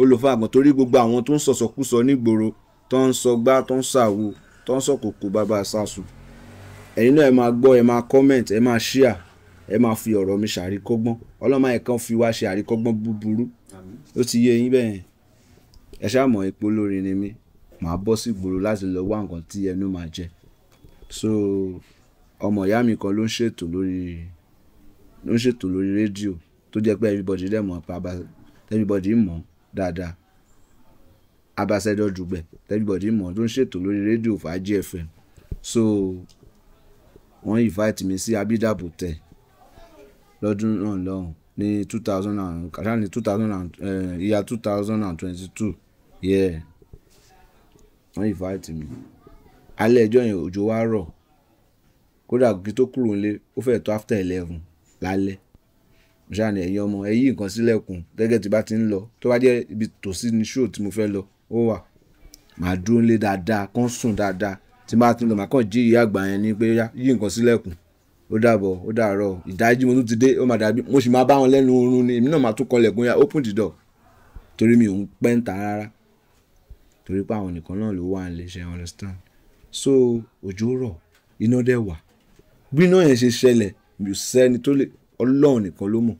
olùfàgàn torí gbogbo àwọn tó ń sọ̀sọ̀kúsọ nígboro tó ń sọgbá tó ń sàwo tó ń sọ̀kòkò bàbá sàṣù ẹ̀yin náà ẹ máa gbọ́ ẹ máa comment ẹ máa share ẹ máa fi ọ̀rọ̀ mi ṣàríkọ́gbọ́n ọlọ́mọ ẹ̀kan fi wá ṣe àríkọ́gbọ́n búburú ó ti yé yín bẹ́ẹ̀ ẹ ṣàmọ̀ epo lórí ni mí màá bọ́ sí ìgboro láti lọ wá nǹkan tí ẹnu máa jẹ so ọmọ ìyá mi kan ló ń ṣètò lórí ló ń ṣètò lórí rédíò tó jẹ́ pé everybody dẹ̀ mọ̀ everybody mọ̀ dáadáa Ambassador Dugbe everybody mọ̀ tó ń ṣètò lórí rédíò Fàájì FM so wọ́n invite mi sí abidabu tẹ lọ́dún náà lọ́hùn ní two thousand and kàtà ní two thousand and eh, year two thousand and twenty-two yeah wọ́n invite mi alẹ́ ẹjọ́ yẹn òjò wa rọ̀ kódà kí tó kúrò nílé ó fẹ́ tó after eleven lálẹ́ ṣáà ní ẹ̀yin ọmọ ẹ yí nǹkan sílẹ̀kùn gẹ́gẹ́ tí bá ti ń lọ tó bá jẹ́ ibi tòsí ni ṣóò tí mo fẹ́ lọ ó wà màá dúró lé dáadáa kán sùn dáadáa tí máa ti lọ màá kàn jí ìyá àgbà yẹn ní pé yí nǹkan sílẹ̀kùn ó dàbọ̀ ó dàárọ̀ ìdájí mo tún ti dé ó máa dàbí mo sì máa bá wọn lẹ́nu oorun ni èmi náà máa tún kọlẹ̀kùn ya open the door torí mi ò ń pẹ́ ń ta rárá torí pé àwọn nìkan náà ló wà ń ṣe understand so òjò rọ̀ iná dẹ̀ wà bí iná yẹn ṣe ṣẹlẹ̀ mi ò sẹ́ni tó lè ọlọ́run nìkan ló mọ̀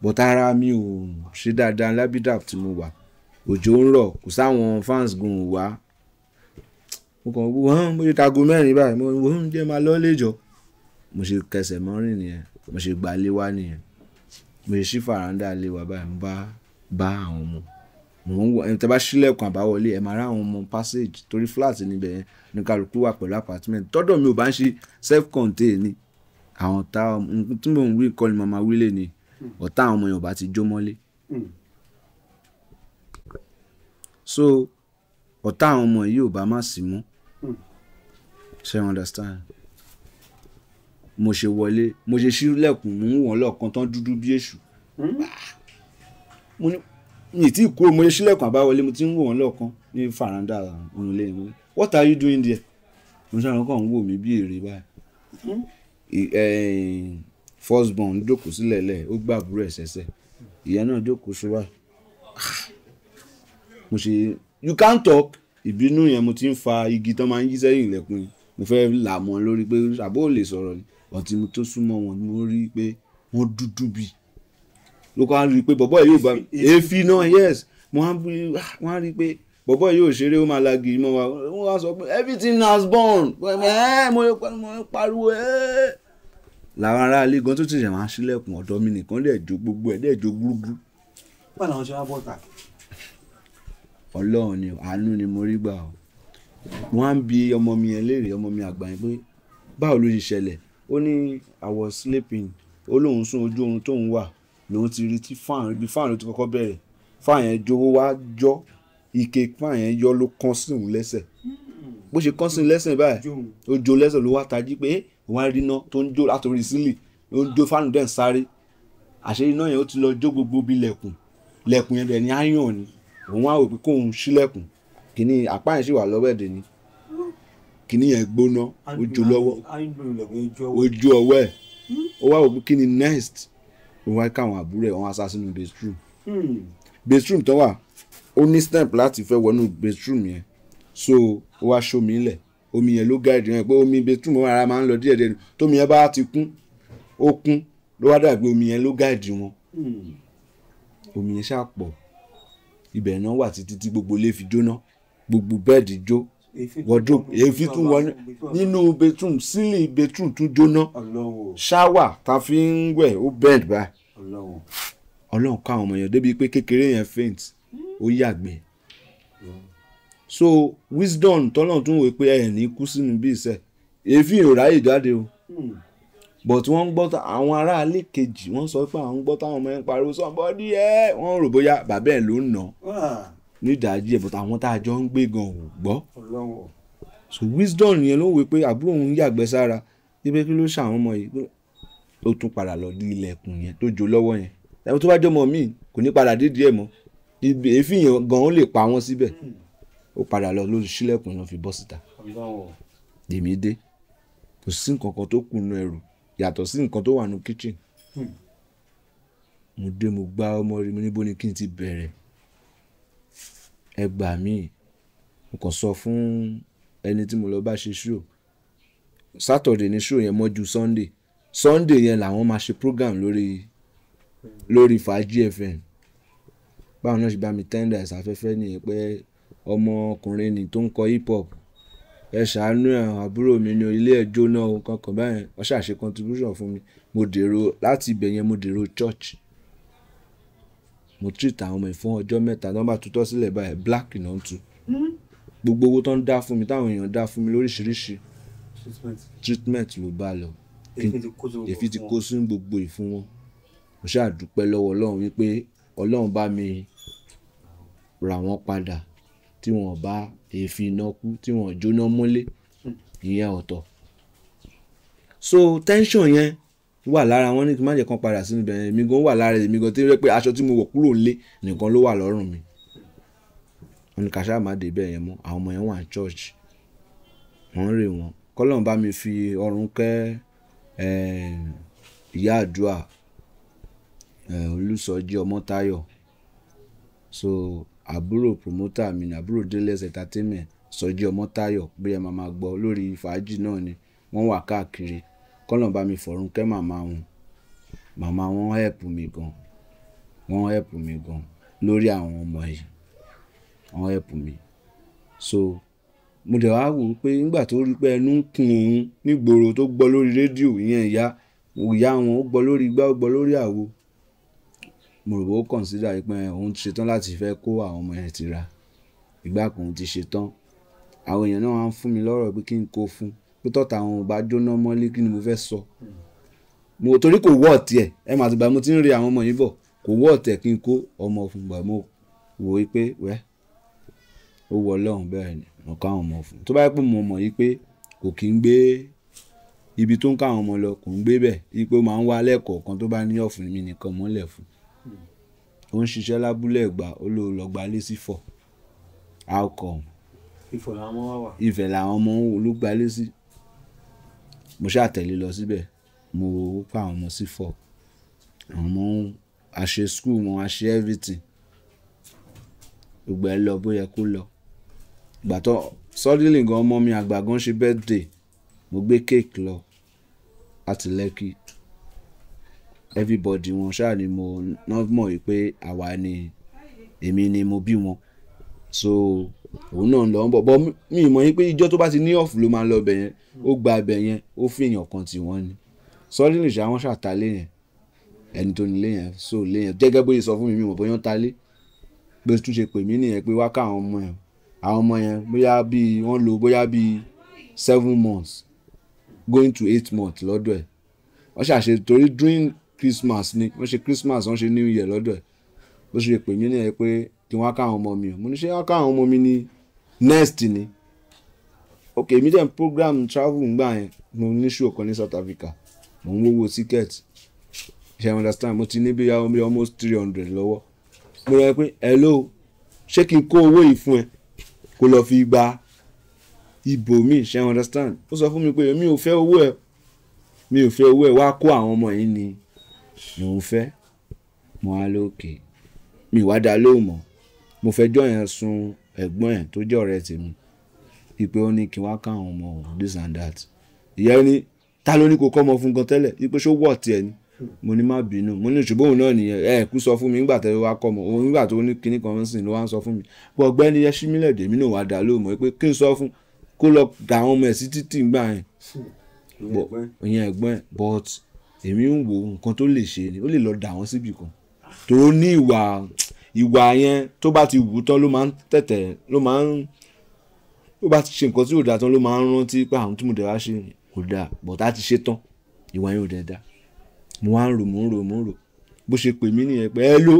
but ara mi ò ṣe dáadáa lábídàp tí mo wà òjò ń rọ̀ kò sáwọn fans gun wá mo kàn wọ́n hàn mo ṣe tago mẹ́rin báyìí mo wọ́n jẹ́ máa lọ lẹ́jọ́ mo ṣe kẹsẹ̀ mọ́rin nìyẹn mo ṣe gbà lé wá nìyẹn mo ṣe ṣí fàrándà lé wá báyìí mo bá bá àwọn ọmọ mo ń wọ bá ṣílẹ̀kùn àbáwọlé ẹ máa rá àwọn ọmọ passage torí flat níbẹ̀ yẹn ní kálukú wà pẹ̀lú apartment tọ́dọ̀ mi ò bá ń ṣe self contained ni àwọn táwọn tí mò ń wí kọ́ ni wílé ni ọ̀tá àwọn ọmọ Yorùbá ti jó mọ́lé hmm. so ọ̀tá àwọn ọmọ Yorùbá má sì mú hmm. ṣe understand mo ṣe wọlé mo ṣe ṣílẹ̀kùn mú wọn lọ́ọ̀kan tán dúdú bí èṣù hmm. mo ní mi tí kú mo ṣe ṣílẹ̀kùn àbáwọlé mo ti ń wò wọn lọ́ọ̀kan ní faranda òrùlé ìwé what are you doing there mo ṣàlùkọ́ ń wò mí bí èrè báyìí first born jókòó sílẹ̀ lẹ̀ ó gbà àbúrò ẹ̀ sẹ́sẹ̀ ìyẹn náà jókòó ṣúra mo ṣe you can talk ìbínú yẹn mo ti ń fa igi tán máa ń yí sẹ́yìn ilẹ̀kùn mo fẹ́ là mọ́ lórí pé àbó lè sọ̀rọ̀ ni ọtí mo tó súnmọ́ wọn mo rí i pé wọ́n dúdú bí ló kọ́ á rí i pé bọ̀bọ́ yóò bá èéfì náà yes mo á rí pé bọ̀bọ́ yóò ṣeré ó máa lagi mọ́ wa wọ́n wá sọ pé everything has born mo pariwo ẹ́ẹ́ làwọn ará ilé gan tó ti ṣẹ̀ máa ṣílẹ̀kùn ọ̀dọ́ mi nìkan dẹ̀ jó gbogbo ẹ̀ dẹ̀ jó gbúrúgbúrú. báwo làwọn ṣe wá bọ́ta. ọlọ́run ni àánú ni mo rí gbà o wọ́n á ń bi ọmọ mi yẹn léèrè ọmọ mi àgbà yẹn pé báwo ló ṣe ṣẹlẹ̀ ó ní I was sleeping ó lóun sún ojú oorun tóun wà lòun ti rí tí fáàn ibi fáàn ló ti kọ́kọ́ bẹ̀rẹ̀ fáàn yẹn jó wá jọ́ ike fáàn yẹn yọ ló kán sí òun lẹ́sẹ̀ bó ṣe kán sí òun lẹ́sẹ̀ báyìí ó jó lẹ́sẹ̀ ló wá tají pé wọ́n rí iná tó ń jó látòrí sílì ó ń jó fáànù dẹ̀ sáré àṣé iná yẹn ó ti lọ jó gbogbo bí lẹ̀kùn lẹ̀kùn yẹn rẹ̀ ní áyàn ni òun á wò pé kóun ṣílẹ̀kùn kìíní apá yẹn sì wà lọ́wọ́ ẹ̀dẹ̀ ni kìíní yẹn gbóná ojú lọ́wọ́ ojú ọwọ́ ẹ̀ ó wá wò pé kí ni next òun wá káwọn àbúrò ẹ̀ wọ́n á sá sínú bathroom bathroom tó wà ó ní step láti fẹ́ wọnú bathroom yẹn so ó wá ṣómi lẹ̀ omi yẹn ló gáàdì yẹn pé omi betrum ara máa ń lọ díẹ̀ díẹ̀ tómi yẹn bá ti kún ó kún ló wá dàgbé omi yẹn ló gáàdì wọn omi yẹn ṣáà pọ̀ ibẹ̀ náà wà títí tí gbogbo ilé fi jóná gbogbo bẹ́ẹ̀dì jó wardrobe èéfín tún wọnú nínú betrum sílì betrum tún jóná ṣáwà tá fi ń wẹ̀ ó bend báyìí ọlọ́run káwọn ọmọ yẹn débi pé kékeré yẹn faint ó yàgbẹ́ so wisdom tọ́lọ́n tún wò pé ẹ̀ ní kú sínú bí ìṣe èéfín ò ráyè jáde o hmm. but wọ́n gbọ́ àwọn ará ilé kejì wọ́n sọ pé àwọn gbọ́ táwọn ọmọ ẹ̀ ń pariwo somebody ẹ̀ wọ́n rò bóyá bàbá ẹ̀ ló ń nà ah. nídàájí ẹ̀ but àwọn tá a jọ ń gbé gan ò gbọ́ so wisdom yẹn ló wò pé àbúrò òun yàgbẹ́ sára ibẹ̀ kí ló ṣàwọn ọmọ yìí tó tún padà lọ dí ilẹ̀kùn yẹn tó jó lọ́wọ́ yẹn ẹ̀ tó bá jọmọ míì kò ní padà dídí ẹ̀ mọ́ èéfín yẹn gan ó lè pa wọ́n síbẹ̀. Hmm ó padà lọ lóṣù sílẹ̀kùn ló fi bọ́ síta dèmí dé kò sí nǹkan kan tó kù nù ẹrù yàtọ̀ sí nǹkan tó wà nù kitchen hmm. mo dé mo gbá ọmọ rí mi níbo ni kí n ti bẹ̀rẹ̀ ẹ gbà mí mo kàn sọ fún ẹni tí mo lọ bá ṣe show Saturday ni show yẹn mọ́jú Sunday Sunday yẹn làwọn máa ṣe program lórí lórí Fàájì FM báwọn náà ṣe bá mi tẹ́ndà ìsáfẹ́fẹ́ nìyẹn pé ọmọkùnrin nì tó ń kọ hip hop ẹ ṣàánú àwọn àbúrò mi ní ilé ẹjọ́ náà ohun kankan báyẹn wọ́n ṣàṣe contribution fún mi mo dèrò láti ibẹ̀ yẹn mo dèrò church mo treat àwọn ọmọ yìí fún ọjọ́ mẹ́ta náà bá tutọ́ sílẹ̀ black náà tu hmm? gbogbo owó tó ń dá fún mi táwọn èèyàn dá fún mi lóríṣiríṣi treatment ló bá lọ èfi ti kó sínú gbogbo ìfún wọn mo ṣáà dúpẹ́ lọ́wọ́ ọlọ́run wípé ọlọ́run bá mi rà padà tí wọ́n bá èéfín iná kú tí wọ́n jóná mọ́lé ìyẹn ọ̀tọ̀ so tension yẹn wà lára wọn ní kí n má jẹ́ kán padà sínú ibẹ̀ èmi gan wà lára èmi gan tí ń rẹ́ pé aṣọ tí mo wọ̀ kúrò lé nìkan ló wà lọ́rùn mi wọn ni kàṣà má dé bẹ́ẹ̀ yẹn mọ́ àwọn ọmọ yẹn wà ní church wọ́n ń rè wọ́n kọ́lọ́n bá mi fi ọrùn kẹ́ ìyá àdúrà olùsọjí ọmọ táyọ̀ so àbúrò promoter mi ní àbúrò Deles Entertainment Sọjí Ọmọ́táyọ̀ pé ẹ máa máa gbọ́ lórí fàájì náà ni wọ́n wà káàkiri kọ́lọ̀n bá mi fọ̀run kẹ́ màmá wọn màmá wọn help mi gan wọn help mi gan lórí àwọn ọmọ yìí wọn help mi so mo dẹ̀ wá wò ó pé nígbà tó rí pé ẹnu ń kùn ún nígboro tó gbọ́ lórí rédíò ìyẹn ìyá ìyá wọn ó gbọ́ lórí igbá ó gbọ́ lórí àwo mo rò ó consider pé òun ti ṣetán láti fẹ́ kó àwọn ọmọ yẹn ti ra ìgbà kan òun ti ṣetán àwọn èèyàn náà wá ń fún mi lọ́rọ̀ pé kí n kó fún pé tọ́ta àwọn ò bá jóná mọ́lé kí ni mo fẹ́ sọ mo torí kò wọ́ ọ̀tẹ̀ ẹ mà ti gbà mo ti ń rí àwọn ọmọ yìí bọ̀ kò wọ́ ọ̀tẹ̀ kí n kó ọmọ fún gbà mo wò ó pé wẹ́ ó wọ ọlọ́run bẹ́ẹ̀ ni mo ká àwọn ọmọ fún tó bá yẹ pé mo mọ̀ yìí pé kò kí ń gbé ibi tó ń ká àwọn ọmọ lọ kò ń gbé bẹ̀ yìí pé ó máa ń wá lẹ́kọ̀ọ̀kan tó bá ní ọ̀fun mi nìkan mọ́lẹ̀ fún ó ń ṣiṣẹ́ lábúlé ẹ̀gbá olóò lọ́gbà lẹ́sí fọ̀ how come ìfẹ̀ làwọn ọmọ wà ìfẹ̀ làwọn ọmọ ló gbà lẹ́sí mo ṣàtẹ̀lé lọ síbẹ̀ mo pa àwọn ọmọ sí fọ̀ àwọn ọmọ a ṣe school mo a ṣe everything gbogbo ẹ lọ bó yẹ kó lọ ìgbà suddenly gan ọmọ mi àgbà gan ṣe birthday mo gbé cake lọ láti lẹ́kì everybody wọn ṣáà ni mo náà mọ̀ pé àwa ni èmi ni mo bí wọn so òun náà lọ ń bọ̀ bọ́ mi mọ̀ yín pé ìjọ tó bá ti ní ọ̀fù ló máa ń lọ bẹ̀ yẹn ó gba bẹ̀ yẹn ó fi èèyàn kan tì wọ́n ni sọ́ọ́lìnì ṣá wọ́n ṣàtàlé yẹn ẹni tó nílé yẹn so lé yẹn gẹ́gẹ́ bóyá sọ fún mi mi mọ̀ bóyá ń talé bó tún ṣe pè mí nìyẹn pé wá ká àwọn ọmọ yẹn àwọn ọmọ yẹn bóyá bíi wọ́n lò bóyá bíi seven months going to eight months lọ́dọ̀ ẹ̀ wọ́n ṣàṣe torí during Christmas ni wọ́n ṣe Christmas wọ́n ṣe New Year lọ́dọ̀ ẹ̀ bó ṣe pè mí ní ẹ pé kí wọ́n á ká àwọn ọmọ mi o mo ní ṣé á ká àwọn ọmọ mi ní next ni ok èmi dẹ̀ program travel ń gbà yẹn mo ní show kan ní South Africa mo ń wówó ticket ṣe i understand mo ti ní bí i almost three hundred lọ́wọ́ mo rọ pé hello ṣé kí n kó owó yìí fún ẹ kó lọ fi gba ibò mi ṣe i understand ó sọ fún mi pé mi ò fẹ́ owó ẹ mi ò fẹ́ owó ẹ wá kó àwọn ọmọ yìí ni lòun fẹ́ mo wá lókè mi wá dá lóhùn mọ́ mo fẹjọ́ yẹn sun ẹ̀gbọ́n yẹn tó jẹ́ ọ̀rẹ́ tèmi ipe ó ní kí wá káwọn ọmọ òun this and that ìyá ni ta ló ní kó kọ́ ọmọ fún gan tẹ́lẹ̀ ipe ṣó wọ̀ tiẹ̀ ni mo ní má bínú mo ní ìṣubú òun náà nìyẹn ẹ kú sọ fún mi nígbà tẹ́ wá kọ́ ọmọ òun nígbà tó ní kíní kan sìn ló wá ń sọ fún mi pé ọgbẹ́ni yẹn símílẹ̀ dèmi náà wá dá lóhùn mọ́ pé kí n sọ fún kó lọ dà àwọn ọmọ ẹ̀ sí títì gbà yẹn ìyẹn ẹ̀gbọ́n but èmi ń wo nǹkan tó lè ṣe ni ó lè lọ dà wọ́n síbì kan tó ní ìwà ìwà yẹn tó bá ti wù tán ló máa ń tẹ̀tẹ̀ ló máa ń tó bá ti ṣe nǹkan tí ò dáa tán ló máa ń rántí pé àwọn tí mo dẹ̀ wá ṣe kò dáa bọ̀tá ti ṣe tán ìwà yẹn ò dẹ̀ dáa mo wá ń rò mo ń rò mo ń rò bó ṣe pè mí nìyẹn pé ẹ ló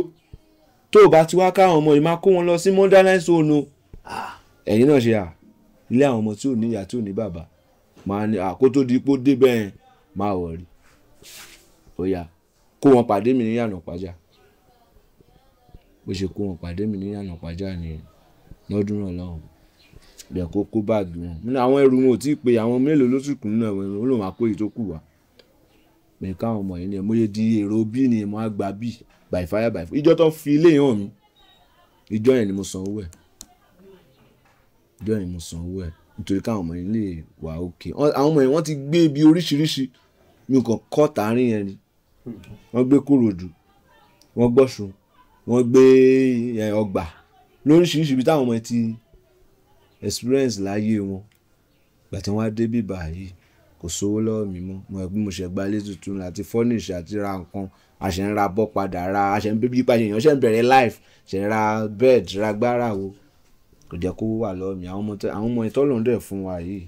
tó o bá ti wá káwọn ọmọ yìí máa kó wọn lọ sí modernize zone ẹ̀yin náà ṣe à ilé àwọn ọmọ tí ò ní ìyá tí ò ní bàbá máa ní àkótó dípò débẹ̀ máa wọ̀ ó yá kó wọn pàdé mi ní yànà pàjá bó ṣe kó wọn pàdé mi ní yànà pàjá nìyẹn lọ́dún náà lọ́hùn bẹ̀ kó kó báàgì wọn nínú àwọn ẹrù wọn ò tí ì pé àwọn mélòó ló sì kù nínú àwọn ẹrù wọn lòun àpò èyí kù wá bẹ́ẹ̀ káwọn ọmọ yìí ni mo yẹ di èrò bí ni mo á gba bí by fire by fire ìjọ tó fi ilé hàn mi ìjọ yẹn ni mo san owó ẹ̀ ìjọ yẹn ni mo san owó ẹ̀ nítorí káwọn ọmọ yìí lè wà òkè àwọn ọmọ yìí wọ́n ti gbé ibi oríṣiríṣi mi kàn kọ́ tààrin yẹn ni wọ́n gbé kòròdú wọ́n gbọ́sùn wọ́n gbé ọgbà lóríṣiríṣi ibi táwọn ọmọ ti experience láyé wọn gbà tí wọ́n á dé bíbà yìí kò sówó lọ́wọ́ mi mọ́ mo ẹ̀gbọ́n mo ṣe gba ilé tuntun àti furniture àti ra nǹkan a ṣe ń ra bọ́ padà ra a ṣe ń bíbí bẹ̀rẹ̀ life ṣe bed ra gbára wo kò jẹ́ kó wà lọ́wọ́ mi àwọn ọmọ ìtọ́lọ́ndẹ̀ fún wa yìí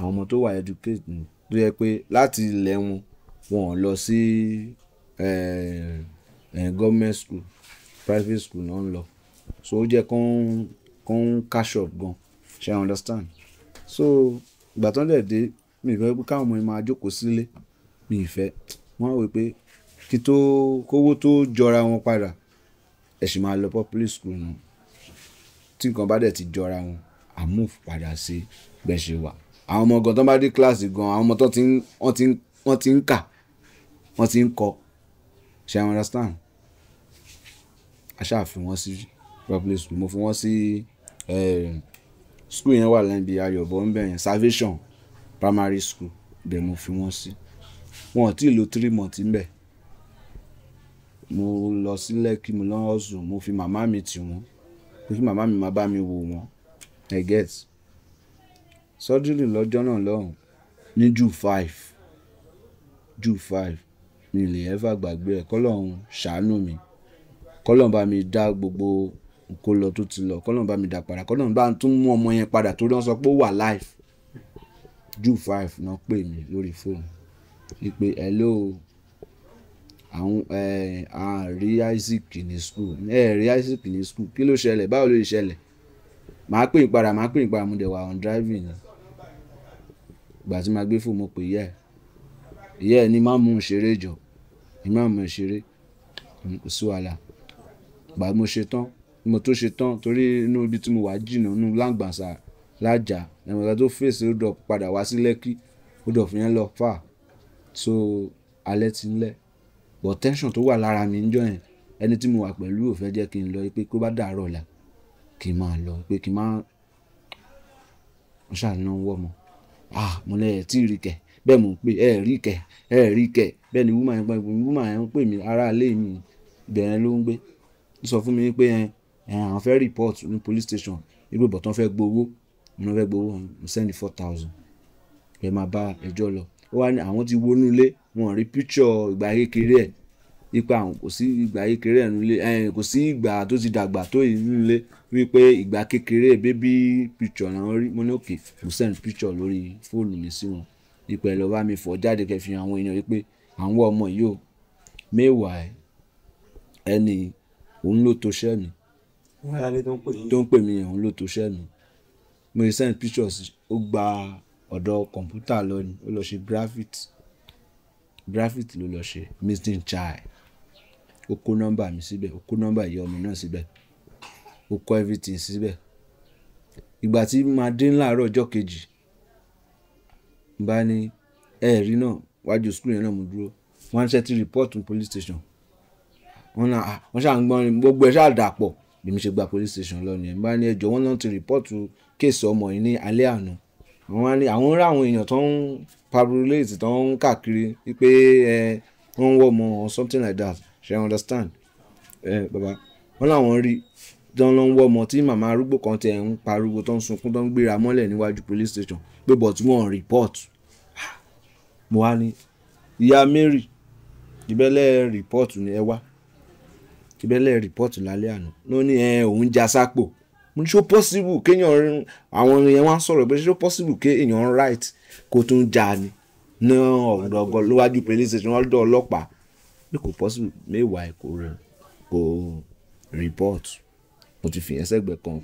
àwọn ọmọ tó wà educate ni tó yẹ pé láti ilẹ̀ wọn wọn lọ sí government school private school náà ń lọ so ó jẹ́ kó ń kó ń cash up gan ṣe i understand so ìgbà tó ń dẹ̀ dé mi ì fẹ́ pé káwọn ọmọ yẹn máa jókòó sílé mi ì wọ́n á pé kí tó kówó tó jọra wọn padà ẹ̀ máa lọ public school náà tí nǹkan bá dẹ̀ ti jọra wọn àmúf padà sí bẹ́ẹ̀ wà àwọn ọmọ gan tó bá dé kíláàsì gan àwọn ọmọ tó ti wọ́n ti ń kà wọ́n ti ń kọ ṣe i understand aṣáà fi wọ́n sí public school mo fi wọ́n sí eh, school yẹn wà lẹ́yìn bíi ayọ̀bọ̀ ń bẹ̀yẹn salvation primary school bẹ́ẹ̀ mo fi wọ́n sí wọn ò tí ì lo three months ń bẹ̀ mo lọ sí lẹ́kì mo lọ́wọ́ sùn mo fi màmá mi tì wọ́n mo fi màmá mi máa bá mi wò wọ́n i guess sọ́júrì lọ́jọ́ náà lọ́hùn ní June five Ju five mi lè ẹ́fà gbàgbé ẹ̀ kọ́lọ́hún ṣàánú mi kọ́lọ́hún bá mi dá gbogbo kó lọ tó ti lọ kọ́lọ́hún bá mi dá padà kọ́lọ́hún bá tún mú ọmọ yẹn padà tó dán sọ pé ó wà live June five náà pè mí lórí fóònù ìpè hello àwọn ẹ eh, àárí Isaac ní school ẹ rí Isaac ní school kí ló ṣẹlẹ̀ báwo ló ṣẹlẹ̀ màá pè é padà màá pè é padà mo dẹ̀ wà on driving ni ìgbà tí màá gbé fún mo pè ìyá ẹ̀ ni má mú un ṣeré jọ ni má mú un ṣeré kò sí wàhálà gbà mo ṣe tán mo tó ṣe tán torí inú ibi tí mo wà jìnnà inú láǹgbàṣà lájà ẹ̀mọ̀ta tó fèsì odò padà wá sí lẹ́kì odò fún yẹn lọ fà so alẹ́ ti ń lẹ̀ but tension tó wà lára mi ń jọ yẹn ẹni tí mo wà pẹ̀lú ò jẹ́ kí n lọ pé kó bá dàárọ̀ la kí n máa lọ pé kí n máa ṣàlùyàn wọ̀ mọ́ ah mo lẹ ẹ tí ì rí kẹ bẹ́ẹ̀ mo ń pè ẹ rí kẹ ẹ rí kẹ bẹ́ẹ̀ ni woman yẹn pé woman yẹn ń pè mí ará ilé mi bẹ̀rẹ̀ ló ń gbé ó sọ fún mi pé ẹ àwọn fẹ́ report ní police station ibi ìbọ̀tán fẹ́ gbowó mo fẹ́ gbowó mo send four thousand ẹ máa bá ẹjọ́ lọ ó wá ní àwọn ti wọnú ilé wọn rí píkṣọ ìgbà kékeré ẹ ipa àwọn kò sí ìgbà kékeré ẹ nílé ẹ kò sí ìgbà tó ti dàgbà tó yìí nílé wípé ìgbà kékeré bébí picture làwọn rí mo ní òkè mo send picture lórí fóònù mi sí wọn ipò ẹ̀ lọ bá mi fọ̀ jáde kẹfì àwọn èèyàn wípé à ń wọ ọmọ yìí o mẹ́wàá ẹni òun ló tó ṣẹ́ mi tó ń pè mí òun ló tó ṣẹ́ mi mo lè send pictures ó gba ọ̀dọ̀ kọ̀ǹpútà lọ ni ó lọ ṣe graphite graphite ló lọ ṣe missing child ó kó nọ́mbà mi síbẹ̀ ó kó nọ́mbà ìyá ọmọ náà síbẹ̀ ó kọ everything síbẹ̀ ìgbà tí màá dé láàárọ̀ ọjọ́ kejì bá ní ẹ̀ẹ́rí náà wájú skul yẹn náà mo dúró wọ́n ṣe ti report to police station wọ́n náà wọ́n ṣáà ń gbọ́n ní gbogbo ẹ̀ ṣáà dà pọ̀ bí mi ṣe gba police station lọ nìyẹn bá ní ẹjọ́ wọ́n náà ti report to case ọmọ yìí ní alẹ́ àná àwọn ní àwọn ará àwọn èèyàn tó ń parolate tó ń káàkiri pé ẹ wọ́n ń wọ́ ọmọ or something like that ṣe understand ẹ bàbá wọ́n láwọn rí tán ló ń wọ́ ọmọ tí màmá arúgbó kan tẹ̀ ń pariwo tó ń sunkún tó ń gbéra mọ́lẹ̀ níwájú police station pé but wọ́n report ah, mo wá ní ìyá Mary ìbẹ́lẹ̀ report ni ẹ wá ìbẹ́lẹ̀ report lálẹ́ àná ló ní ẹ òun já sápò mo ní ṣó possible kéèyàn àwọn yẹn wá sọ̀rọ̀ pé ṣó possible kéèyàn right kó tún já ni ní ọ̀dọ̀gọ̀ lówájú police station lọ́dọ̀ ọlọ́pàá bí kò possible mẹ́wàá ẹ̀ kò report mo ti fìyẹn sẹ́gbẹ̀ẹ́ kan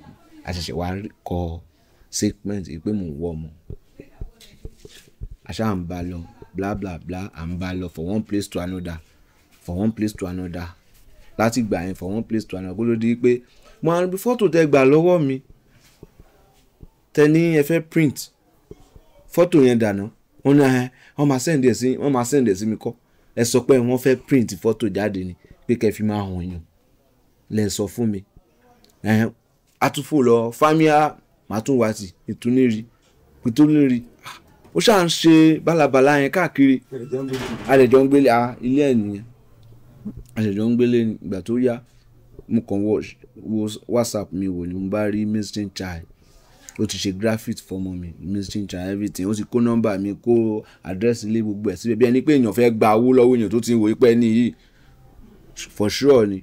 a ṣẹ̀ṣẹ̀ wá kọ statement yìí pé mò ń wọ ọmọ àṣà à ń bá lọ bla bla bla à ń bá lọ for one place to another for one place to another láti gbà yẹn for one place to another kó ló di pé mo àrùn bí fọ́tò tẹ gbà lọ́wọ́ mi tẹ ní ẹ fẹ́ print fọ́tò yẹn dànù wọn ní wọn máa send ẹ sí wọn máa send ẹ sí mi kọ́ ẹ sọ pé wọ́n fẹ́ print fọ́tò jáde ni pé kẹ́ fi máa hàn yín lẹ́ sọ fún mi atúfò lọ fámíà màtúnwàtì ìtúnírì ìtúnírì ah, ó ṣáà ń ṣe bálabàla yẹn káàkiri àlejò ń gbélé ah, ilé ẹ̀ nìyẹn àlejò ń gbélé ìgbà tó yá mo kàn wọ whatsapp mi wò ni mo bá rí missing child ó ti ṣe graphic fọmọ mi missing child everything ó ti kó nọ́mbà mi kó àdírẹ́sì ilé gbogbo ẹ̀ síbẹ̀ bí ẹni pé èèyàn fẹ́ gba owó lọ́wọ́ èèyàn tó ti wò ó pẹ́ nìyí for sure ni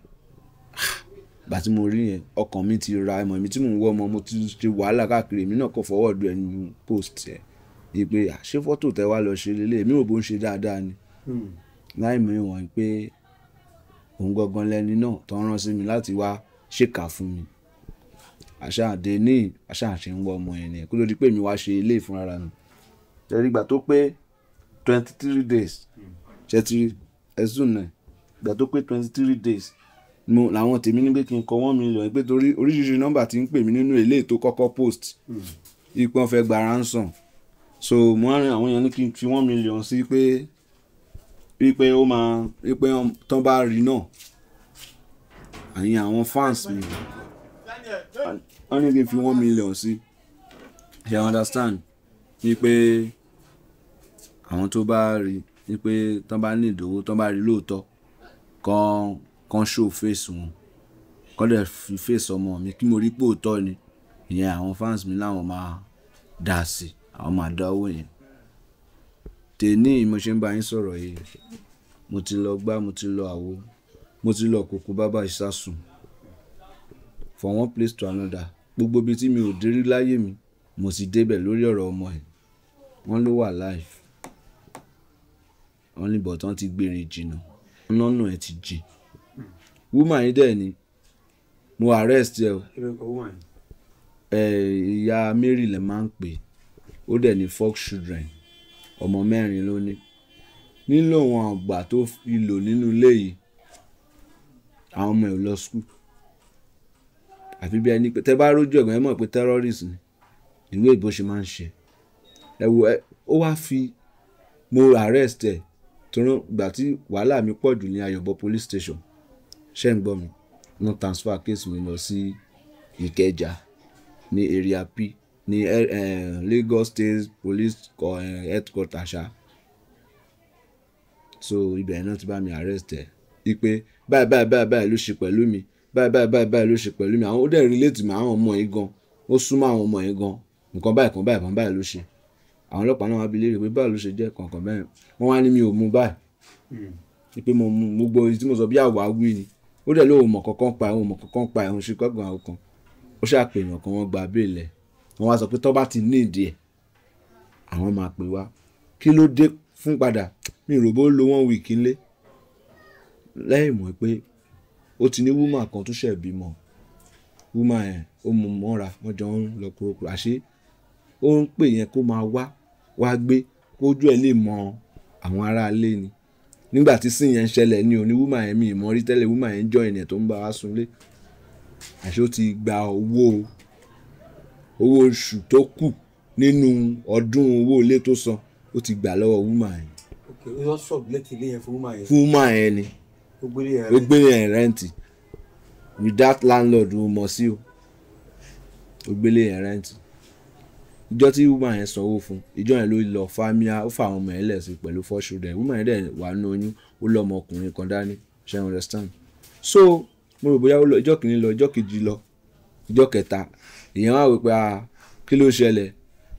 ah, gbà tí mo rí yẹn ọkàn mi ti ra ẹmọ mi tí mò ń wọ ọmọ mo ti ṣe wàhálà káàkiri èmi náà kò fọwọ́ du ẹni post ẹ̀ ni pé ṣé fọ́tò tẹ wá lọ ṣe lélẹ̀ èmi ò bó ń ṣe dáadáa ni hmm. láì mú ìwọ̀n pé òun gangan lẹni náà tó ń rán sí mi láti wá ṣèkà fún mi àṣà àdé ní àṣà àṣẹ ń wọ ọmọ yẹn ni kó ló di pé mi wá ṣe ilé ìfúnra mi tẹ̀rí gbà tó pé twenty three days hmm. ṣe ti ẹ̀sùn náà gbà tó pé twenty three days mo làwọn tèmi ní pé kí n kọ one million pé torí oríṣiríṣi nọ́mbà ti ń pè mí nínú ilé tó kọ́kọ́ post hmm. ipò fẹ́ gba ransom so mo á rin àwọn yẹn ní kí n fi one million sí pé wípé ó máa wípé tán bá rí náà àyìn àwọn fans mi wọ́n ní kí n fi one million sí you understand wípé àwọn tó bá rí wípé tán bá ní ìdòwò tán bá rí lóòótọ́ kan kán show face wọn kán dẹ̀ fi face ọmọ mi kí mo rí pé òótọ́ ni ìyẹn àwọn fans mi láwọn máa dà sí àwọn máa dá owó yẹn tèní mo ṣe ń bá yín sọ̀rọ̀ yìí mo ti lọ gbá mo ti lọ àwo mo ti lọ kókó bàbá ìsásùn from one place to another gbogbo ibi tí mi ò dérí láyé mi mo ti débẹ̀ lórí ọ̀rọ̀ ọmọ ẹ̀ wọ́n ló wà live wọ́n ní bọ̀tán ti gbèrè jìnnà lọ́nà ẹ̀ ti jìn woman yìí dẹ̀ ni mo arrest ẹ o ìyá Mary lè máa ń pè ó dẹ̀ ní fox children ọmọ mẹ́rin ló ní nílò wọn àgbà tó fi lò nínú ilé yìí àwọn ọmọ ẹ̀ lọ skul àfi bí ẹni pé tẹ bá rójú ẹ̀gbọ́n ẹ mọ̀ pé terrorist ni ìwé ìbò ṣe máa ń ṣe ẹ wo ẹ ó wá fi mo arrest ẹ torí ìgbà tí wàhálà mi pọ̀ jù ní Ayọ̀bọ̀ police station ṣẹ́ ń gbọ́ mi wọ́n transfer case mi lọ sí ìkẹjà ní area p ní eh, eh, Lagos State Police eh, headquarter ṣá so ibẹ̀ náà ti bá mi arrest ẹ̀ ipe báyìí báyìí báyìí báyìí ló ṣe pẹ̀lú mi báyìí báyìí báyìí báyìí ló ṣe pẹ̀lú mi àwọn ó dẹ̀ relate mi àwọn ọmọ yìí gan ó súnmọ́ àwọn ọmọ yìí gan nǹkan báyìí kan báyìí kan báyìí ló ṣe àwọn ọlọ́pàá náà wá bi léèrè pé báyìí ló ṣe jẹ́ kankan bẹ́ẹ̀ wọ́n wá ní mi ò mú báyìí hmm. pé mo mú gbogbo ibi mo sọ bí àwa wí ni ó dẹ̀ lóun mọ̀ kankan pa òun mọ̀ kankan pa òun ṣe kọ́gàn àwọn kan ó ṣàpèyàn kan wọ́n gba béèlẹ̀ wọ́n wá sọ pé tó bá ti ní ìdí ẹ̀ àwọn máa pè wá kí ló dé fún padà mi ò rò bó lo one week ńlé lẹ́yìn mọ̀ pé ó ti ní wúmà kan tó ṣẹ̀ bímọ wúmà yẹn ó mú mọ́ra wọ́n jọ ń lọ kúròkúrò àṣé ó ń pè yẹn kó máa wá wá gbé kójú ẹ̀ lè mọ àwọn aráalé ni nígbà tí sin yẹn ń ṣẹlẹ̀ ni òní woman yẹn mi ìmọ̀ rí tẹ́lẹ̀ woman yẹn jọ ìyẹn tó ń bá wa sunlé àṣé ó ti gba owó owó oṣù tó kù nínú ọdún owó ilé tó san ó ti gbà lọ́wọ́ woman yẹn. ok ó yọ sọ̀rọ̀ lẹ́tì ilé yẹn fún woman yẹn. fún woman yẹn ni ó gbé yẹn rẹ́ǹtì without landlord ó mọ̀ sí o ó gbélé yẹn rẹ́ǹtì ìjọ tí woman yẹn sanwó fún ìjọ yẹn ló lọ fámíà ó fà àwọn ọmọ yẹn lẹ́sìn pẹ̀lú four children woman yẹn dẹ̀ wà nínú oyún ó lọ ọmọ kan dání ṣe you understand so mo rò bóyá ó lọ ìjọ kìíní lọ ìjọ kejì lọ ìjọ kẹta ìyẹn wá wí a ah, kí ló ṣẹlẹ̀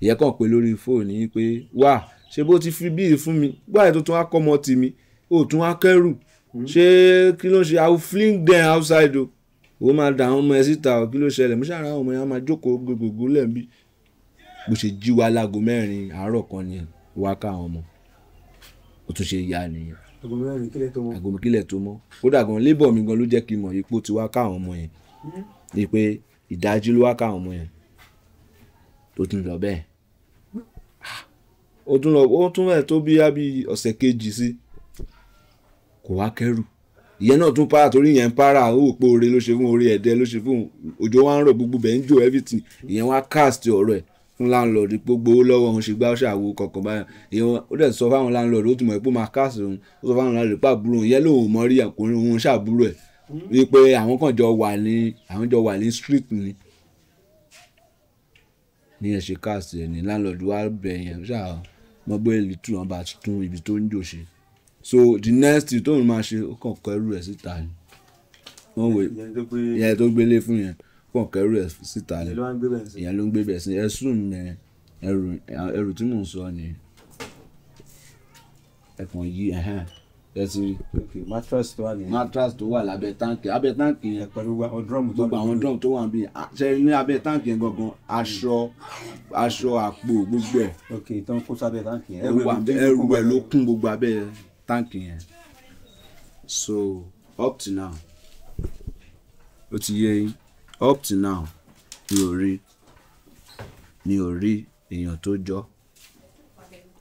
ìyẹn kàn pé lórí fóònù yìí pé wà ṣé bó ti fi bíi fún mi gbọ́dọ̀ tó tún wá kọ́ ọmọ tì mí ó tún wá kẹ́rù hmm. ṣé kí ló ṣe i fling them outside o òun máa dà àwọn ọmọ ẹ síta kí ló ṣẹlẹ̀ mo ṣàrà àwọn ọmọ yẹn á máa jókòó gbogbogbò lẹ́ẹ̀mí bó ṣe jí wa láago mẹ́rin àárọ̀ kan ni wá ká àwọn ọmọ ó tún ṣe ya nìyẹn. àgọ́ mẹ́rin kílẹ̀ tó mọ́. àgọ́ mẹ́rin kílẹ̀ tó mọ́ kódà gan lébọ̀ mi gan ló jẹ́ kí n mọ̀ ipò tí wá ká àwọn ọmọ yẹn ni hmm. pé ìdájí ló wá ká àwọn ọmọ yẹn tó tún lọ bẹ́ẹ̀ ó tún lọ ó tún bẹ́ẹ̀ tó bí ábí ọ̀sẹ̀ kejì sí kò wá kẹ́rù ìyẹn náà tún para torí ìyẹn ń para ó wò pé oore ló ṣe fún oore ẹ̀dẹ ló ṣe fún òjò wa ń rọ̀ gbogbo bẹ́ẹ̀ ń jò everything ìyẹn wá cast ọ̀rọ̀ ẹ̀ láńlọ́ọ̀dù gbogbo owó lọ́wọ́ òun ṣe gbá ọṣẹ àwo kọ̀ọ̀kan báyà ìwọ̀n ó dẹ̀ sọ fáwọn láńlọ́ọ̀dù ó ti mọ̀ pé máa káàsì òun ó sọ fáwọn láńlọ́ọ̀dù pàbúrò òun yẹn lòun mọ̀ rí àkórin òun ṣàbúrò ẹ̀ hmm. wípé àwọn kan jọ wà ní àwọn jọ wà ní street ni ní ẹ̀ ṣe káàsì ẹ̀ ní láńlọ́ọ̀dù wá bẹ̀ yẹn ṣáà mọ pé ìlú tù wọn bá tún ibi tó ń jò ṣe so the next thing tóun máa ṣe ó kàn kọ ẹrù ẹ̀ síta ni wọ́n wò yẹn tó gbélé fún yẹn kàn kẹrù ẹ̀ síta ni ìyẹn ló ń gbé bẹ̀rẹ̀ sí ẹ̀sùn mi ẹrù tí mò ń sọ ni ẹ̀kàn yí ẹ̀hẹ́n ẹtì rí mattress tó wà ní. mattress tó wà lábẹ́ táǹkì abẹ́ táǹkì yẹn. pẹ̀lú àwọn drọ́ọ̀mù tó wà. gbogbo àwọn drọ́ọ̀mù tó wà níbí ṣe ní abẹ́ táǹkì yẹn gangan aṣọ aṣọ àpò gbogbo ẹ̀. ok tó ń kó sábẹ́ táǹkì yẹn. ẹrù ẹ̀ ló kún gbogbo abẹ́ táǹkì yẹn so up to now ó ti yé yín up to now mi ò rí mi ò rí èèyàn tó jọ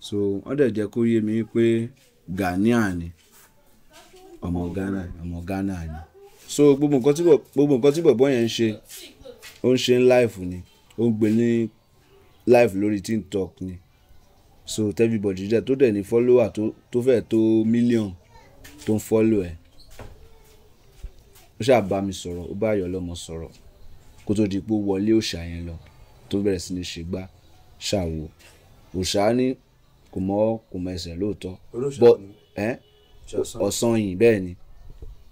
so wọ́n dẹ̀ jẹ́ kó yé mi pé Ghanaian ni ọmọ Ghana ọmọ Ghana ni so gbogbo nǹkan tí gbogbo nǹkan tí bọ̀bọ̀ yẹn ń ṣe ó ń ṣe ń láìfù ni ó ń gbé ní live lórí tiktok ni so everybody jẹ tó dẹ̀ ní follower tó fẹ́ tó million tó ń follow ẹ̀ ó ṣáà bá mi sọ̀rọ̀ ó bá Ayọ̀lọ́mọ sọ̀rọ̀ kó tó di pé ó wọlé òòṣà yẹn lọ tó bẹ̀rẹ̀ sí ní ṣe gbá ṣàwo òòṣà ní kò mọ kò mọ ẹsẹ̀ lóòótọ́ bọ́ ẹ́ ọ̀sán yìí bẹ́ẹ̀ ni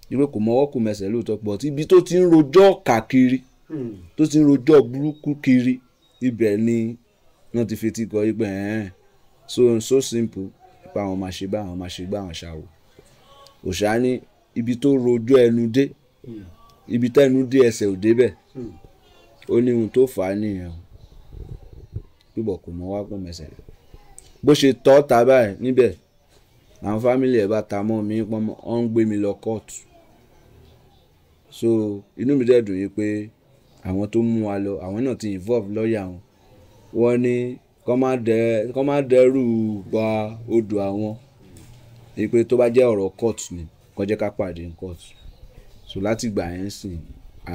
wípé kò mọ ọwọ́ kò mọ ẹsẹ̀ lóòótọ́ pọ̀ tí ibi tó ti ń rojọ́ kàkiri hmm. tó ti ń rojọ́ burúkú kiri ibẹ̀ ni wọ́n ti fetí kọ yí pé ẹ̀ẹ́n so so simple ipa àwọn máa ṣe bá àwọn máa ṣe gbá àwọn ṣàwò òòṣà ní ibi tó rojọ́ ẹnu dé hmm. ibi tẹ́nu dé ẹsẹ̀ ò débẹ̀ hmm ó ní ohun tó fà á nìyẹn bíbọ̀ kò mọ wá pọ̀ mẹsẹ̀ bó ṣe tọ́ ta báyìí níbẹ̀ àwọn fámìlì ẹ̀ bá ta mọ́ mi pọ́n mọ́ ọ́n ń gbé mi lọ kóòtù so inú mi dẹ̀ dùn yìí pé àwọn tó mú wa lọ àwọn náà ti involve lọ́ọ̀yà wọn wọ́n ní kọ́ má dẹ́rù ba odò àwọn èyí pé tó bá jẹ́ ọ̀rọ̀ kóòtù ni kó ká pàdé kóòtù so láti gbà yẹn sìn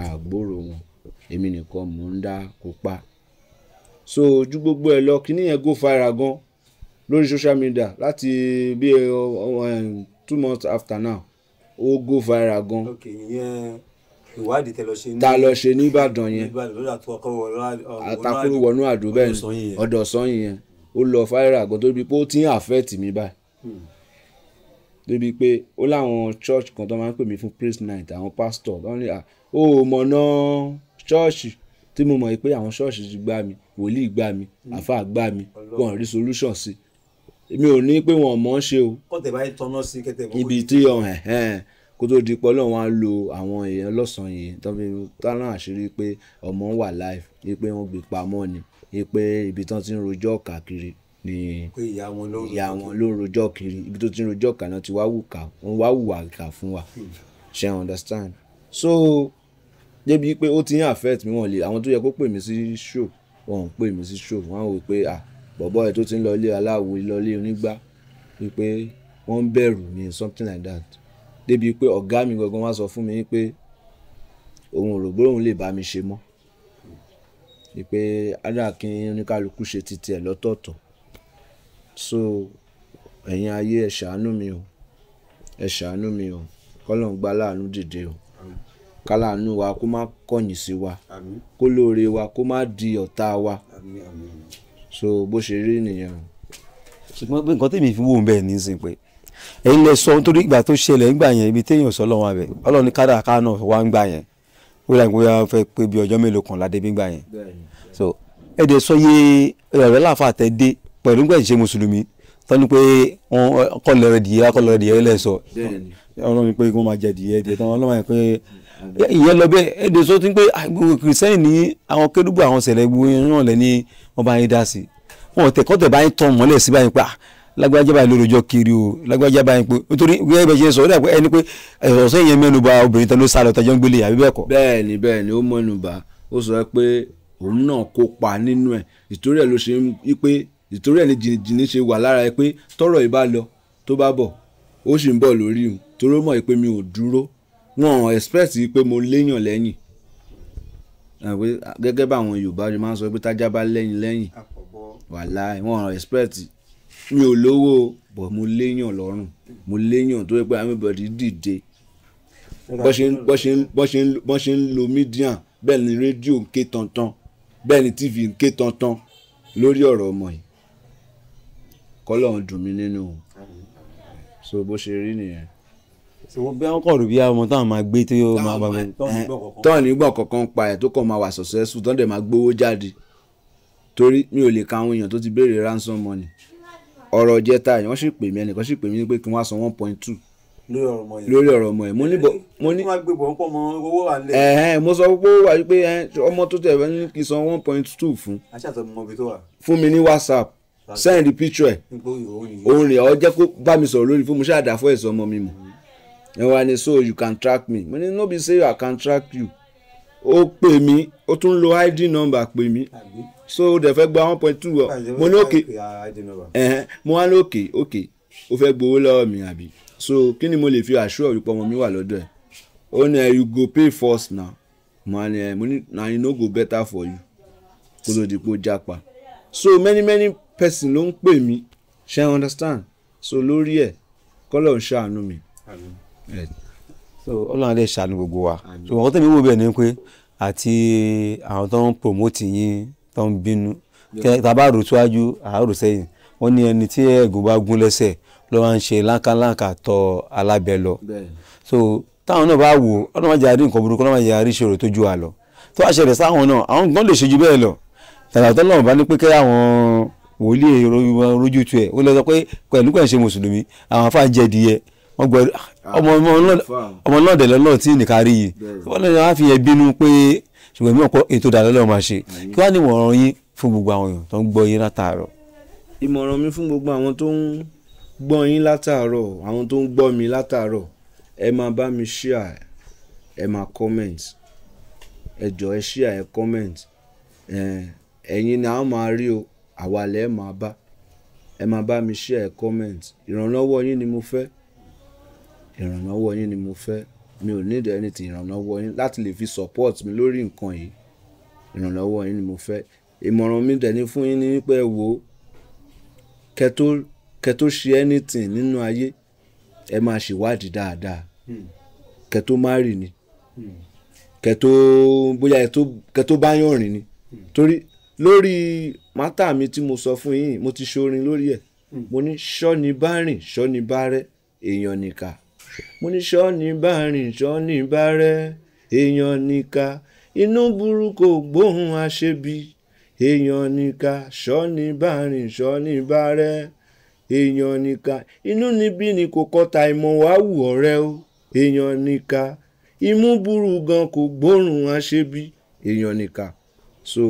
àgbòrò wọn èmi nìkan mò ń dá kópa so ojú gbogbo ẹ lọ kíní yẹn go viral gan lórí social media láti bí eh, eh, two months after now ó go viral gan. ok ìyẹn ìwádìí tẹ lọ ṣe ní. ta lọ ṣe ní Ìbàdàn yẹn àtàkùrù wọnú àdó bẹ́ẹ̀ ni ọ̀dọ̀ sọ́yìn yẹn ó lọ viral gan tó bí pé ó ti ń affect mi báyìí hmm. débi pé ó láwọn church kan tó máa ń pè mí fún praise night àwọn pastor tó ń ní ó mọ̀ náà ṣọ́ọ̀ṣì tí mo mọ̀ pé àwọn ṣọ́ọ̀ṣì ti gbá mi wòlíì gbá mi hmm. àfa gbá mi wọn rí solution sí èmi ò ní pé wọn mọ̀ ń ṣe o. kọ́tẹ̀ báyìí tọ́nà sí kẹ́tẹ̀ bọ́. ibi tí ọ̀hún ẹ̀hẹ́n kó tó di pọ́lọ́ wọn á lo àwọn èèyàn lọ́sàn-án yìí tán fi tánà àṣírí pé ọmọ wà live ni pé wọ́n gbé pamọ́ ni ni pé ibi tán ti ń rojọ́ kàkiri ni ìyá wọn ló ń rojọ́ kiri ibi tó ti ń rojọ́ kà náà ti wá wùkà wọ́n wá wùwà kà fún wa hmm. ṣe understand so débi pé ó ti ń affect mi wọ́n lè àwọn tó yẹ kó pè mí sí show wọn ò pè mí sí show wọn á wò pé à ah, bọ̀bọ̀ ẹ̀ tó ti ń lọ ilé aláwo lọ ilé onígbà wípé wọ́n ń bẹ̀rù mi something like that débi pé ọ̀gá mi gangan wá sọ fún mi pé òun ò rò bó òun lè bá mi ṣe mọ́ wípé adáàkín oníkálukú ṣe ti tiẹ̀ lọ́tọ̀ọ̀tọ̀ so ẹ̀yin ayé ẹ ṣàánú mi o ẹ ṣàánú mi o kọ́lọ̀ ń gbá láàánú dìde o káláàánú wa kó má kọ̀yìn sí wa kó lóore wa kó má di ọ̀tá wa so bó ṣe rí nìyẹn. ṣùgbọ́n pé nǹkan tèmi fi wò ń bẹ́ẹ̀ ní sìn pé ẹ̀yin lè sọ nítorí ìgbà tó ṣẹlẹ̀ ńgbà yẹn ibi téèyàn sọ lọ́wọ́ abẹ ọlọ́run kádà ká náà ń gbà yẹn ó dàgbé wọ́n fẹ́ pé bí ọjọ́ mélòó kan ládé bí yẹn so ẹ dẹ̀ sọ yé ọ̀rẹ́ láfa àtẹ dé pẹ̀lú nígbà ìṣe mùsùlùmí tọ́ ni pé wọ́n kọ́ lọ́rọ̀ dìé kọ́ dìé lẹ́sọ̀ ọlọ́run pé wọ́n máa jẹ dìé dìé tán ọlọ́run pé ìyẹn lọ bẹ́ẹ̀ ẹ dè sọ ti pé ah, gbogbo kìrìsẹ́nì ní àwọn kérúbù àwọn sẹ̀lẹ̀ gbogbo yẹn lẹ̀ ní wọ́n bá yín dá sí wọn tẹ̀kọ́ tẹ̀ bá yín tán mọ́lẹ̀ sí báyìí pa ah, lágbájá báyìí lórí ọjọ́ kiri o lágbájá báyìí pé nítorí gẹ́gẹ́ bẹ́ẹ̀ ṣe sọ ọ́dà pé ẹni pé ọ̀sẹ̀ yẹn mẹ́nu bà obìnrin tán ló sá lọ tọ́jọ́ ń gbélé àbí bẹ́ẹ̀ kọ́. bẹ́ẹ̀ni bẹ́ẹ̀ni ó mẹ́nu bà ó sọ pé òun náà kópa nínú ẹ ìtorí ẹ ló ṣe ń pé ìtorí ẹ ní jìnnìjìnnì ṣe wà lára ẹ pé tọ́rọ̀ ìbá lọ tó bá bọ̀ ó sì ń bọ̀ lórí òun torí ó mọ̀ pé mi ò dúró wọn expect pé mo léyàn lẹ́yìn gẹ́gẹ́ bá àwọn Yorùbá ṣe máa ń sọ pé tájá bá lẹ́yìn lẹ́yìn wàhálà wọn expect mi ò lówó bọ̀ mo léyàn lọ́rùn mo léyàn tó yẹ pé everybody dìde bọ́n ṣe ń lo mídíà bẹ́ẹ̀ ni rédíò ń ké tantan bẹ́ẹ̀ ni tv ń ké tantan lórí ọ̀rọ̀ ọmọ yìí kọ́lọ́run dùn mí nínú o so bó ṣe rí nìyẹn ṣùgbọ́n bí wọ́n kọ̀ ló bí ọmọ táwọn máa gbé tí yóò máa bá wọn. tọ́ọ̀ nígbà kọ̀ọ̀kan pa ẹ̀ tó kàn máa wà successful tọ́ọ̀ dẹ̀ máa gbowó jáde torí mi ò lè ka àwọn èèyàn tó ti béèrè ransom money ọ̀rọ̀ jẹ́ta yìí wọ́n sì pè mí ẹnìkan sì pè mí pé kí wọ́n á one point two lórí ọ̀rọ̀ ọmọ yẹn mo ní bọ̀ eh, mo ní mo sọ pé ó wà pé eh, ọmọ tó tẹ̀ ní kí n san one point two fún fún mi ní whatsapp send picture ẹ̀ òun rè ọ́ jẹ́ kó bá mi sọ̀rọ̀ lórí fún mo ṣáà dà fún ẹ̀sọ́ ọmọ mi mọ̀ ẹ wá ní so you can track me mo ní no be say i can track you ó pè mí ó tún lo id number pè mí so ó dẹ̀ fẹ́ gba one point two mo ní òkè mo wá ní òkè òkè ó fẹ́ gbowó lọ́wọ́ mi àbí so kí ni mo lè fi àṣọ òrùpọ ọmọ mi wà lọ́dọ̀ ẹ̀ ó ní ẹ eh, you go pay first na eh, mo ní ẹ mo ní na you no go better for you kó ló di pé so many many person ló ń pè mí ṣe understand so lórí ẹ̀ kọ́lọ̀ ń ṣàánú mi. Amen so ọlọ́run lè ṣàánú gbogbo wa so ọ̀rọ̀ tẹ̀mí wò bẹ́ẹ̀ ni pé àti àwọn tó ń promote yín tó ń bínú tàbá rò síwájú àárò sẹ́yìn wọ́n ní ẹni tí ẹ̀gùn bá gún lẹ́sẹ̀ ló máa ń ṣe láńkàláńkà tọ alábẹ́ lọ so táwọn náà bá wò ọlọ́run máa jẹ́ àrí nǹkan burúkú ọlọ́run máa jẹ́ àrí ìṣòro tó ju àlọ́ tó wàá ṣẹlẹ̀ sáwọn náà àwọn gan lè ṣe ju bẹ́ẹ̀ lọ tàbátọ́ lọ́wọ́ bá ní pé kẹ́ àwọn wòlíì rojú tu ó lọ sọ pé pẹ̀lú pẹ̀ ń ṣe mùsùlùmí àwọn afáàjẹ̀dìyẹ wọ́n gbọ́ Ah, ọmọ ọmọ náà dẹ̀ lọ́nà tí nìkan rí yìí wọ́n lè wá fi yẹn bínú pé ṣùgbọ́n èmi ọ̀pọ̀ ètò ìdálẹ́ lọ́ọ́ máa ṣe kí wàá ní ìmọ̀ràn yín fún gbogbo àwọn èèyàn tó ń gbọ́ yín látàárọ̀. ìmọ̀ràn mi fún gbogbo àwọn tó ń gbọ́ yín látàárọ̀ àwọn tó ń gbọ́ mi látàárọ̀ ẹ máa bá mi share ẹ máa comment ẹ jọ ẹ share ẹ comment ẹ̀yin ni àwọn máa rí o àwa lẹ́ẹ̀ máa bá ẹ máa bá mi share ẹ comment ìrànlọ́wọ́ yín ni mo fẹ́ ìrànlọ́wọ́ yín ni mo fẹ́ mi ò need anything ìrànlọ́wọ́ yín láti lè fi support mi lórí nǹkan yìí ìrànlọ́wọ́ yín ni mo fẹ́ ìmọ̀ràn mi dẹ̀ ní fún yín ní pé wo kẹ́ tó ṣe anything nínú ayé ẹ máa ṣèwádìí dáadáa hmm. kẹ́ tó má rì ni hmm. kẹ́ tó bóyá kẹ́ tó bá yàn rìn ni hmm. torí lórí mátà mi tí mo sọ fún yín mo ti ṣorin lórí ẹ̀ mo ní ṣọ́ni bá rìn ṣọ́ni bá rẹ́ èèyàn nìkà mo ní ṣọ́ọ̀nì bá rìn ṣọ́ọ̀nì bá rẹ́ èèyàn níkà inú burúkú gbóhùn aṣebi èèyàn níkà ṣọ́ọ̀nì bá rìn ṣọ́ọ̀nì bá rẹ́ èèyàn níkà inú níbí ni kò kọta ìmọ̀ wá wù ọ̀rẹ́ o èèyàn níkà imú burú gan kò gbóhùn aṣebi èèyàn níkà so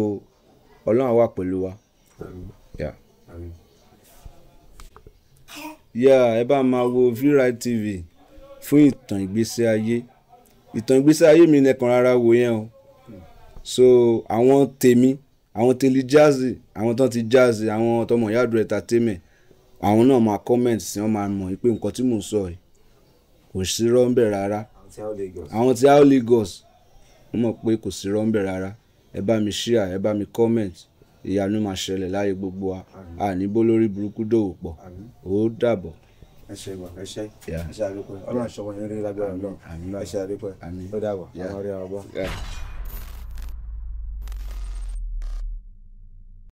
ọlọ́run wà pẹ̀lú wa. Yeah. yeah ẹ bá máa wo VRI TV fún ìtàn ìgbésí ayé ìtàn ìgbésí ayé mi nìkan rárá wo yẹn o so àwọn tèmi àwọn tèmi jazzy àwọn tó ti jazzy àwọn tọmọ yàdùn entertainment àwọn náà máa comment sí wọn máa mọ̀ pé nǹkan tí mò ń sọ yìí kò sí rọ́ńbẹ̀ rárá àwọn ti how Lagos wọ́n mọ̀ pé kò sí rọ́ńbẹ̀ rárá ẹ bá mi share ẹ bá mi comment ìyanu máa ṣẹlẹ̀ láyé gbogbo wa àní bó lórí burúkú dòwò pọ̀ ó dàbọ̀ ẹ ṣe gbọ ẹ ṣe ẹ ṣe àdúpẹ́ Ọlọ́run ṣọwọ yẹn rí lágbára Ọlọ́run ẹ ṣe àdúpẹ́ ó dàbọ̀ àwọn ọ̀rẹ́ ọgbọ.